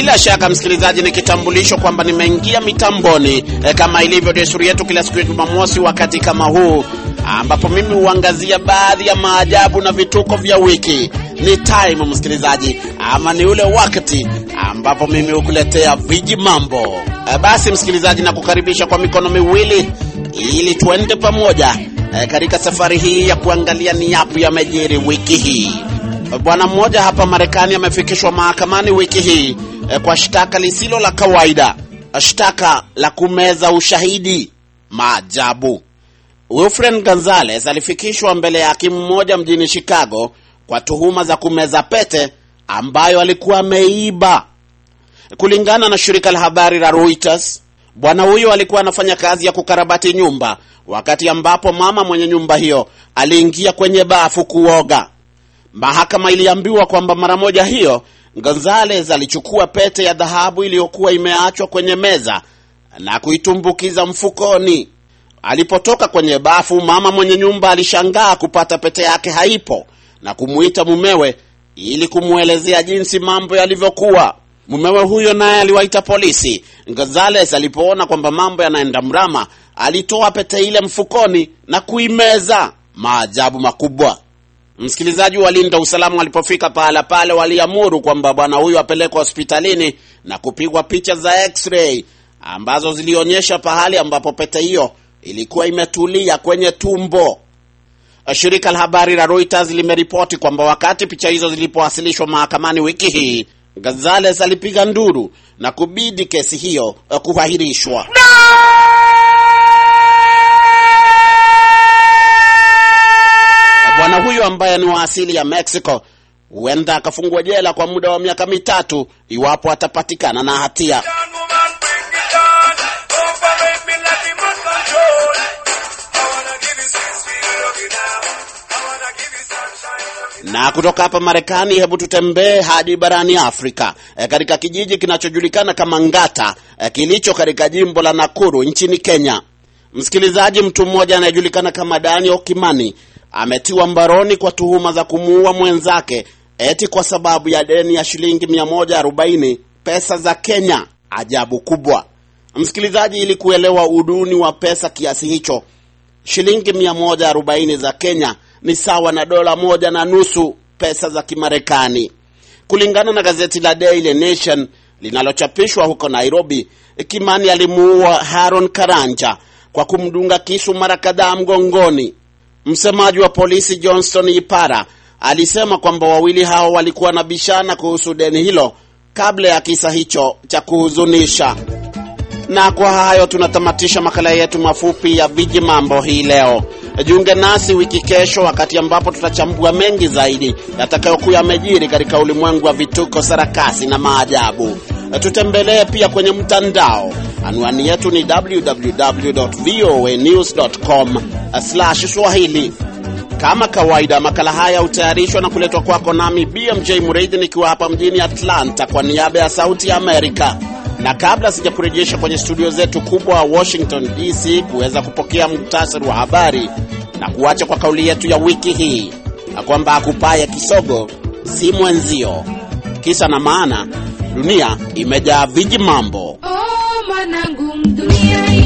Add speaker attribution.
Speaker 1: Bila shaka msikilizaji, ni kitambulisho kwamba nimeingia mitamboni eh, kama ilivyo desturi yetu kila siku ya Jumamosi wakati kama huu ambapo mimi huangazia baadhi ya maajabu na vituko vya wiki. Ni time msikilizaji, ama ni ule wakati ambapo mimi hukuletea viji mambo eh. Basi msikilizaji, na kukaribisha kwa mikono miwili ili tuende pamoja eh, katika safari hii ya kuangalia ni yapi yamejiri wiki hii. Bwana mmoja hapa Marekani amefikishwa mahakamani wiki hii Eh, kwa shtaka lisilo la kawaida, shtaka la kumeza ushahidi. Maajabu! Wilfred Gonzalez alifikishwa mbele ya hakimu mmoja mjini Chicago kwa tuhuma za kumeza pete ambayo alikuwa ameiba. Kulingana na shirika la habari la Reuters, bwana huyo alikuwa anafanya kazi ya kukarabati nyumba wakati ambapo mama mwenye nyumba hiyo aliingia kwenye bafu kuoga. Mahakama iliambiwa kwamba mara moja hiyo Gonzales alichukua pete ya dhahabu iliyokuwa imeachwa kwenye meza na kuitumbukiza mfukoni. Alipotoka kwenye bafu, mama mwenye nyumba alishangaa kupata pete yake haipo na kumuita mumewe ili kumwelezea jinsi mambo yalivyokuwa. Mumewe huyo naye aliwaita polisi. Gonzales alipoona kwamba mambo yanaenda mrama, alitoa pete ile mfukoni na kuimeza. Maajabu makubwa! Msikilizaji, walinda usalama walipofika pahala pale, waliamuru kwamba bwana huyu apelekwe hospitalini na kupigwa picha za x-ray ambazo zilionyesha pahali ambapo pete hiyo ilikuwa imetulia kwenye tumbo. Shirika la habari la Reuters limeripoti kwamba wakati picha hizo zilipowasilishwa mahakamani wiki hii, Gonzales alipiga nduru na kubidi kesi hiyo eh, kuahirishwa. huyu ambaye ni wa asili ya Mexico huenda akafungwa jela kwa muda wa miaka mitatu iwapo atapatikana na hatia. Na kutoka hapa Marekani, hebu tutembee hadi barani Afrika, e, katika kijiji kinachojulikana kama Ngata, e, kilicho katika jimbo la Nakuru nchini Kenya. Msikilizaji, mtu mmoja anayejulikana kama Daniel Kimani ametiwa mbaroni kwa tuhuma za kumuua mwenzake eti kwa sababu ya deni ya shilingi 140 pesa za Kenya. Ajabu kubwa, msikilizaji, ili kuelewa uduni wa pesa kiasi hicho, shilingi 140 za Kenya ni sawa na dola moja na nusu pesa za Kimarekani, kulingana na gazeti la Daily Nation linalochapishwa huko Nairobi. Kimani alimuua Haron Karanja kwa kumdunga kisu mara kadhaa mgongoni Msemaji wa polisi Johnston Ipara alisema kwamba wawili hao walikuwa na bishana kuhusu deni hilo kabla ya kisa hicho cha kuhuzunisha. Na kwa hayo tunatamatisha makala yetu mafupi ya viji mambo hii leo. Jiunge nasi wiki kesho, wakati ambapo tutachambua mengi zaidi yatakayokuwa yamejiri katika ulimwengu wa vituko, sarakasi na maajabu. Tutembelee pia kwenye mtandao Anwani yetu ni slash swahili. Kama kawaida, makala haya hutayarishwa na kuletwa kwako nami BMJ Mureithi nikiwa hapa mjini Atlanta kwa niaba ya Sauti ya Amerika. Na kabla sijakurejesha kwenye studio zetu kubwa Washington DC kuweza kupokea muhtasari wa habari na kuacha kwa kauli yetu ya wiki hii na kwamba akupaya kisogo si mwenzio. Kisa na maana, dunia imejaa viji mambo. Nanggung dunia